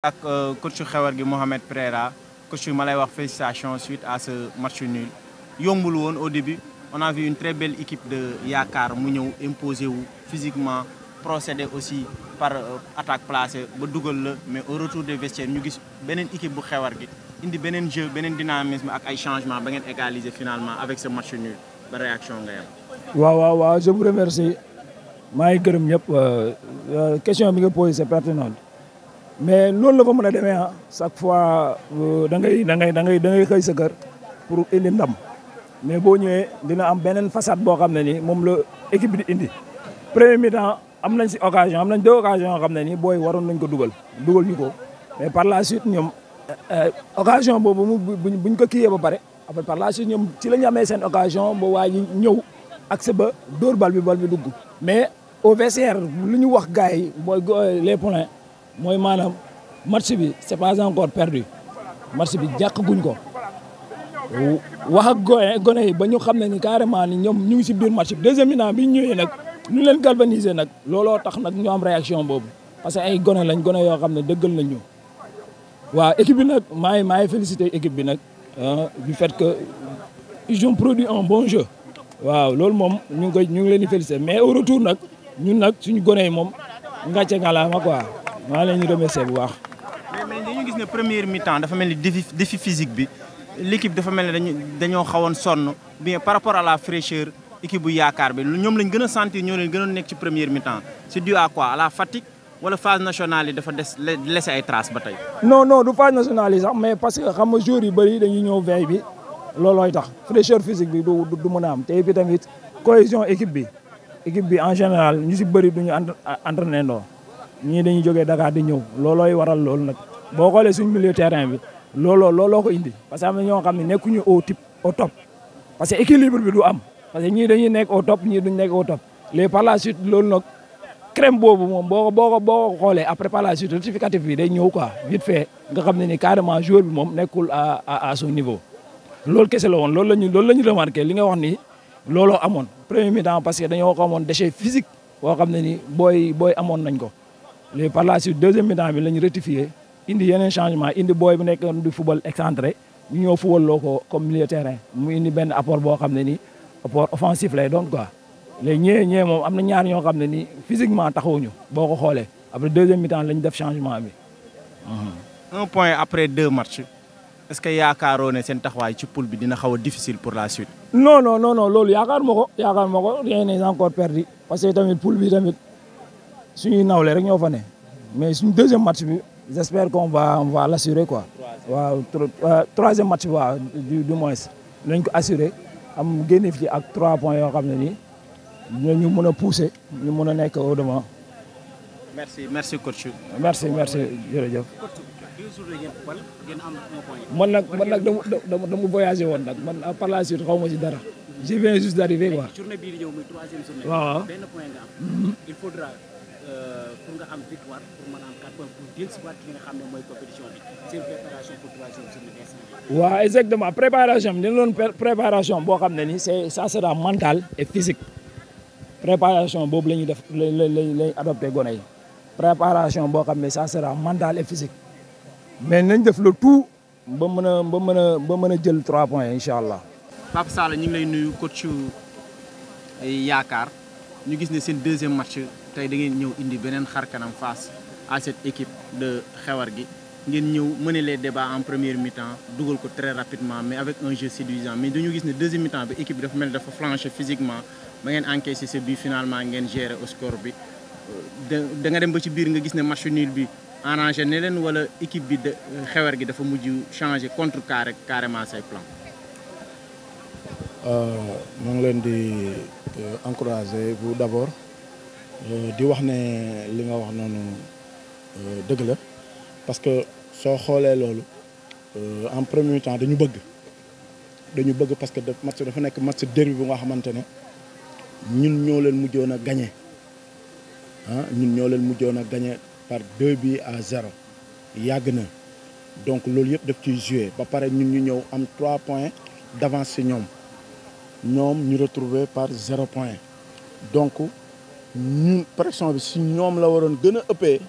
ak euh, coach xewar gi Mohamed Pereira coach ma lay wax félicitations suite à ce match nul yombul woon au début on a vu une très belle équipe de yaakaar mu ñëw imposé wu physiquement procédé aussi par euh, attaque placée ba dugal la mais au retour de vestiaires ñu gis beneen équipe bu xewar gi indi beneen jeu beneen dynamisme ak ay changement ba ngeen égaliser finalement avec ce match nul ba réaction nga yam waaw waaw je vous remercie maa ngi gërëm ñëpp euh, question bi nga posé mais noonu la fa mën a demee ah chaque fois euh, da ngay da ngay da ngay da ngay sa kër pour indi ndam mais boo ñëwee dina am beneen façade boo xam ne ni moom la équipe di indi. premier mi am nañ si occasion am nañ deux occasions yoo xam ne ni booy waroon nañ ko dugal dugal ñu ko mais par la suite ñoom euh, euh, occasion boobu mu buñ buñ ko kiiyee ba pare après par la suite ñoom ci la ñu amee seen occasion ba waa ji ñëw accès ba dóor bal bi bal bi dugg. mais au vestiaire lu ñu wax gars yi mooy les points. mooy maanaam match bi c'est pas encore perdu match bi jàq ko wax ak gone gone yi ba ñu xam ne ni carrément ni ñoom ñu ngi si biir match bi deuxième mi-temps bi ñu ñëwee nag ñu leen galvaniser nag looloo tax nag ñu am réaction boobu parce que ay gone lañ gone yoo xam ne dëggal nañ ñu waaw équipe bi nag maa ngi maa ngi félicité équipe bi nag ah, du fait que ils produit un bon jeu waaw loolu moom ñu ngi koy ñu ngi leen di félicité mais au retour nag ñun nag suñu gone yi moom ngàcce ngalaama quoi maa leen di remercier bu baax. mais mais dañu gis ne première mi-temps dafa mel ni défi défi bi l'équipe dafa mel ni dañoo xawoon sonn bien par rapport a la fraîcheur équipe bu yaakaar bi ñoom lañ gën a sentir ñoo leen gën a nekk ci première mi-temps c'est dû quoi à la fatigue wala phase nationale yi dafa des laisse ay traces ba tey. non non du phase nationale sax mais parce que xam nga jour yu bëri dañuy ñëw veille bi loolooy tax fraîcheur physique bi du du mën a am te et puis tamit cohésion équipe bi équipe bi en général ñu si bëri duñu ñu entraîné ndoo ñii dañuy jógee Dakar di ñëw loolooy waral loolu nag boo xoolee suñ milieu terrain bi looloo looloo ko indi parce que am na ñoo xam ne nekkuñu au type au top parce que équilibre bi du am parce que ñii dañuy nekk au top ñii duñ nekk au top léegi par loolu nag crème boobu moom boo ko boo ko boo ko xoolee après par la suite day ñëw quoi vite fait nga xam ne ni carrément joueur bi moom nekkul à niveau. loolu kese la woon loolu la ñu loolu la ñu remarqué li nga wax ni looloo amoon premier mi-temps parce que dañoo ko amoon déchet physique boo xam ne ni booy booy amoon nañ ko. léegi par la suite deuxième mi bi la ñu rectifié yeneen changement indi booy bu nekk du football excentré ñu ñëw football loo ko comme milieu terrain mu indi benn apport boo xam ne nii apport offensif lay doon quoi. léegi ñee ñee moom am na ñaar ñoo xam ne nii physiquement taxawuñu boo ko xoolee après la deux matchs est-ce que yaakaaroo ne seen taxawaay ci poule bi dina xaw a pour la suite. non non non loolu yaakaar ma ko yaakaar ma ko rien n'est suñuy nawle rek ñoo fa ne mais suñu deuxième match bi j'espère qu'on va on va l'assurer quoi. waaw euh, troisième match bi waaw du du moins nañ ko assurer am génne fi ak trois points yoo xam ne nii ñu mën a pousser ñu mën a nekk au devant. merci merci coach. merci merci jërëjëf. man nag man nag dama dama a voyagé woon nag man par la xaw ma ci dara. je viens juste d'arriver quoi. journée bii di ñëw muy waaw Euh, pour nga am victoire pour mën a am quatre points pour dellusiwaat li nga xam ne mooy compétition bi seen préparation pour troisième journée bi. waaw exactement préparation bi dañu doon préparation boo xam ne nii c'est ça sera mental et physique préparation boobu la ñuy def la la la adopté gone yi préparation boo xam ne ça sera mental et physique mais nañ def le tout ba mën a ba mën a ba mën a jël trois points incha allah. Pape Sall ñu ngi lay nuyu coach yaakaar ñu gis ne seen deuxième match. tey da ngeen ñëw indi beneen xar kanam face à cette équipe de xewar gi ngeen ñëw mener les débats en première mi-temps dugal ko très rapidement mais avec un jeu séduisant mais dañu gis ne deuxième mi bi équipe bi dafa mel dafa flanché physiquement ba ngeen encaissé ce but finalement ngeen gérer au score bi da nga dem ba ci biir nga gis ne match nul bi arrangé ne leen wala équipe bi de xewar gi dafa mujj changé contre carré carrément say plan euh, maa ngi leen di euh, encourager vous Euh, di wax ne li nga wax noonu euh, dëgg la parce que soo xoolee loolu euh, en premier temps dañu bëgg dañu bëgg parce que match dafa nekk match derby bu nga xamante ne ñun ñoo leen mujjoon a gagné ah ñun ñoo leen mujjoon a gagné par deux bi à zéro yàgg na donc loolu yëpp daf ci joué ba pare ñun ñu ñëw am trois points d'avance si ñoom ñoom ñu retrouver par zéro point donc ñun pression bi si ñoom la waroon gën a ëppee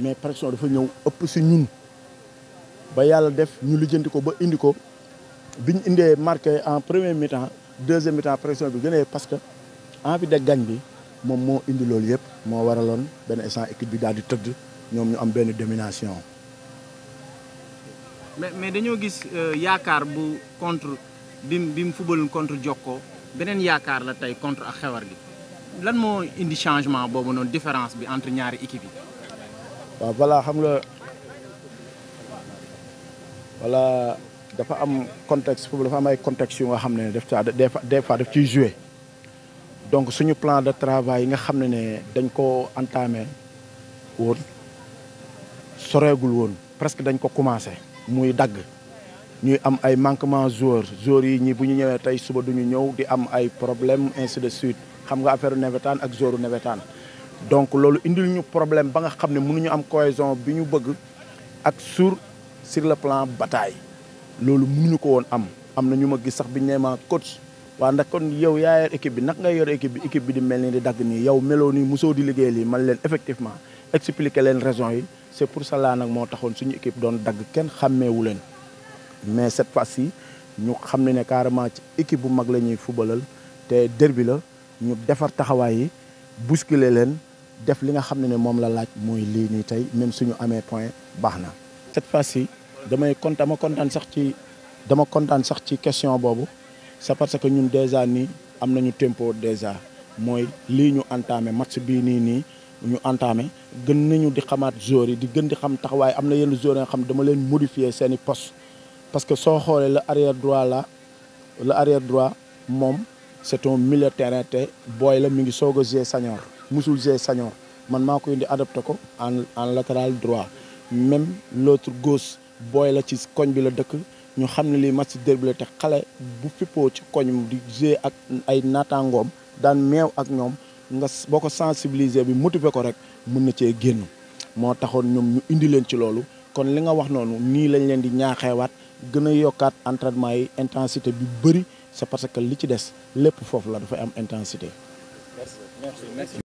mais pression dafa ñëw ëpp si ñun ba yàlla def ñu lijjanti ko ba indi ko biñ indee marqué en premier mi-temps deuxième mi-temps pression bi gënee parce que envie de gagne bi moom moo indi loolu yëpp moo waraloon benn instant équipe bi daal di tëdd ñoom ñu am benn domination. mais mais dañoo gis euh, yaakaar bu contre bi mu bi mu contre Jokko beneen yaakaar la tey contre ak xewar gi. lan moo indi changement boobu noonu différence bi entre ñaari équipe yi. waaw voilà xam nga voilà dafa am contexte foofu dafa am ay contexte yu nga xam ne def caa des fois daf ciy joué donc suñu plan de travail yi nga xam ne ne dañ ko entamé woon soreegul woon presque dañ ko commencé muy dagg ñuy am ay manquement joueur joueurs yi ñi bu ñu ñëwee tey suba duñu ñëw di am ay problème ainsi de suite xam nga affaire nawetaan ak joru nawetaan donc loolu indil ñu problème ba nga xam ne ñu am cohésion bi ñu bëgg ak sur sur le plan bataille loolu mënuñu ko woon am am na ñu ma gis sax bi ñu nee ma coach waaw ndax kon yow yaa yor équipe bi nag ngay yor équipe bi équipe bi di mel ni di dagg nii yow meloo nii mosoo di liggéey lii man leen effectivement expliquer leen raison yi c'est pour cela nag moo taxoon suñu équipe doon dagg kenn xàmmeewu leen mais cette fois-ci ñu xam ne ne carrément ci équipe bu mag la ñuy fubalal te derby la ñu defar taxawaay yi bousculer leen def li nga xam ne ne moom la laaj mooy lii nii tey même suñu amee point baax na. cette fois-ci damay kontaan dama kontaan sax ci dama kontaan sax ci question boobu c'est parce que ñun déjà nii am na ñu tempo déjà mooy lii ñu entamé match bii nii nii ñu entamé gën nañu di xamaat joueurs yi di gën di xam taxawaay am na yenn joueurs yoo xam dama leen modifier seeni post parce que soo xoolee la arrière droit la le arrière droit moom. c'est un milieu booy la mi ngi soog a jouer senior musul jouer senior man maa ko indi adapté ko en en latéral droit même l'autre gauche booy la ci koñ bi la dëkk ñu xam ne lii match derby la te xale bu fippoo ci koñ di jouer ak ay naataangoom daan meew ak ñoom nga boo ko sensibiliser bi motiver ko rek mën na cee génn moo taxoon ñoom ñu indi leen ci loolu kon li nga wax noonu nii lañ leen di ñaaxeewaat gën a yokkaat entraînement yi intensité bi bëri c'est parce que li ci des lépp foofu la dafay am intensité.